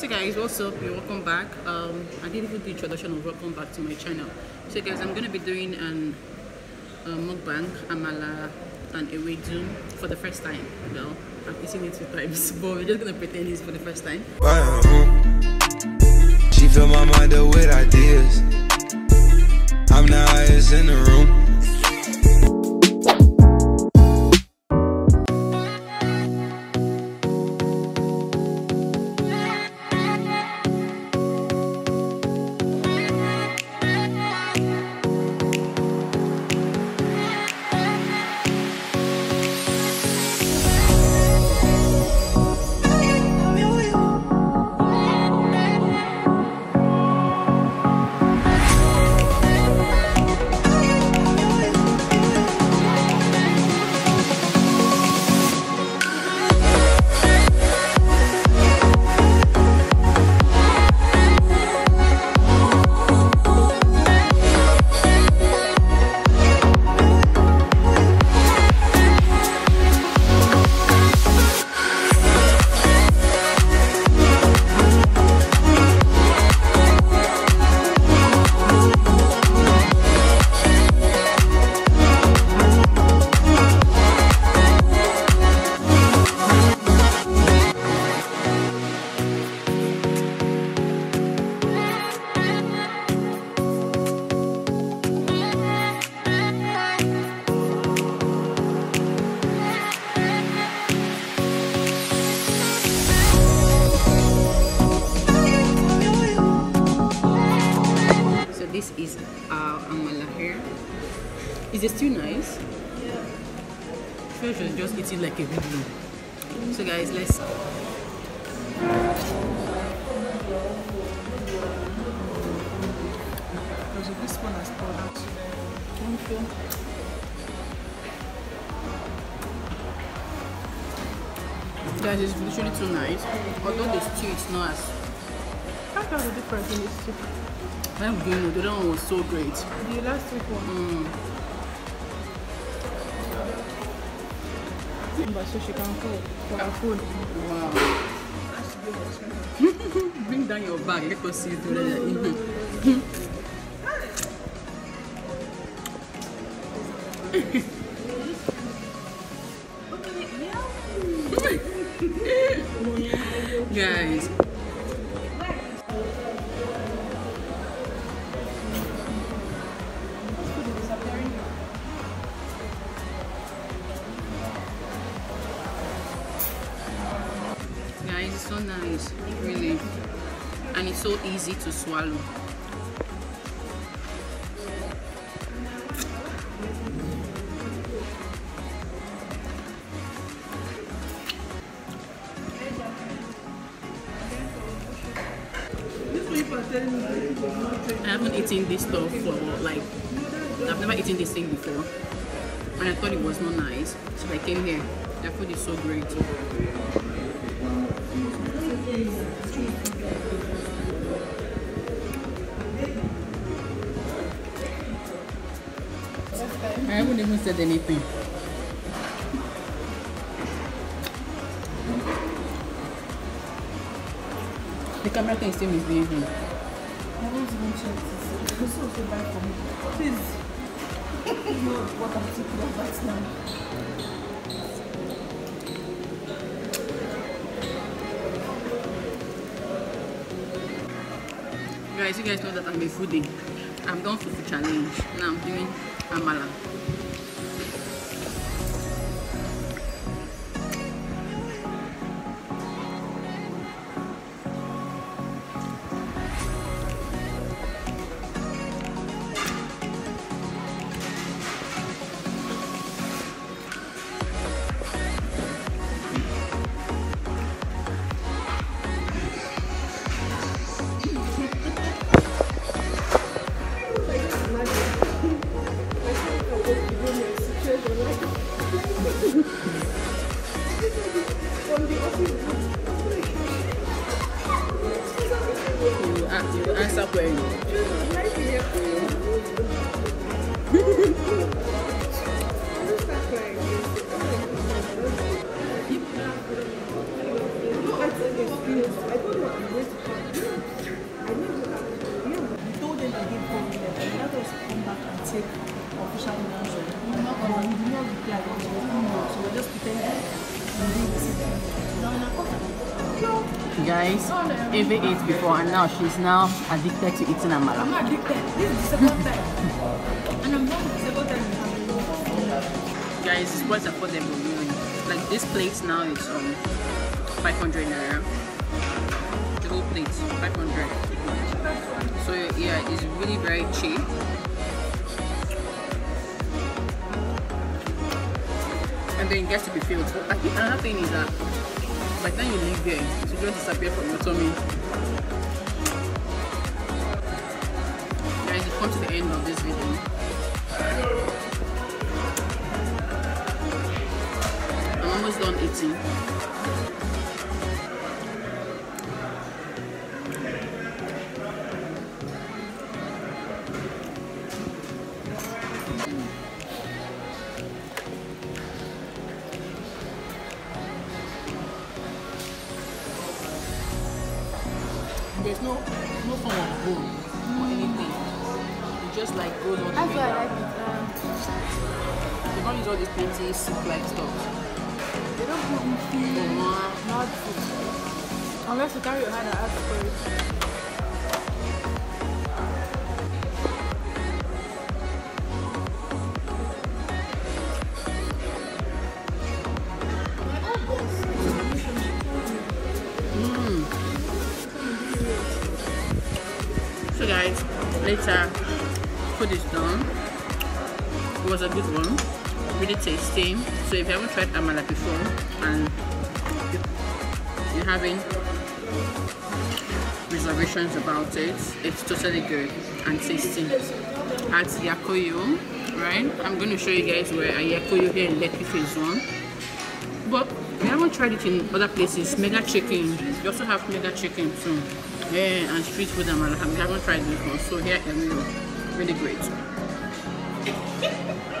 so guys what's up you're welcome back um, i didn't even the introduction of welcome back to my channel so guys i'm gonna be doing an a mukbang amala and Zoom for the first time well i've eaten it two times but we're just gonna pretend it's for the first time she filled my mind up with ideas i'm the highest in the room Is it still nice? Yeah. Sure, should just eat it like a video. So guys, let's. this one has out. Thank you. Guys, it's literally too nice. Although the stew is not as. I thought the difference in the soup. I don't know, the other one was so great. The last week one. Mm. but so she can call ah. for her phone. Wow. Bring down your bag, let us see you Mm -hmm. and it's so easy to swallow I haven't eaten this stuff for like I've never eaten this thing before and I thought it was not nice so I came here that food is so great haven't even said anything. The camera can still misbehave me. I haven't even checked it. This is also bad for me. Please. you know what I'm thinking of right now. Guys, you guys know that I'm a foodie. I'm done for the challenge. Now I'm doing amala. for you go answer query. Take official measure. You not, you not reply. rice Eve ate before and now she's now addicted to eating amala. I'm addicted. This is the second time. and I'm not the Guys, it's quite affordable. Like this plate now is um 500 naira. The whole plate, 500. So yeah, it's really very cheap. And then it gets to be filled. So, another thing is that like then you leave there, it will just disappear from your tummy. Guys, you come to the end of this video. I'm almost done eating. bone or anything. It just like goes all the That's way down. Um, they don't use all these fancy soup like stuff. They don't put anything. Not food. Unless you carry your hand out for it. so guys later food is done it was a good one really tasty so if you haven't tried amala before and you're having reservations about it it's totally good and tasty at yakoyo right i'm going to show you guys where I yakoyo here in lekki phase one but we haven't tried it in other places mega chicken you also have mega chicken too yeah, and street food and I haven't tried before. So here yeah, will. Really great.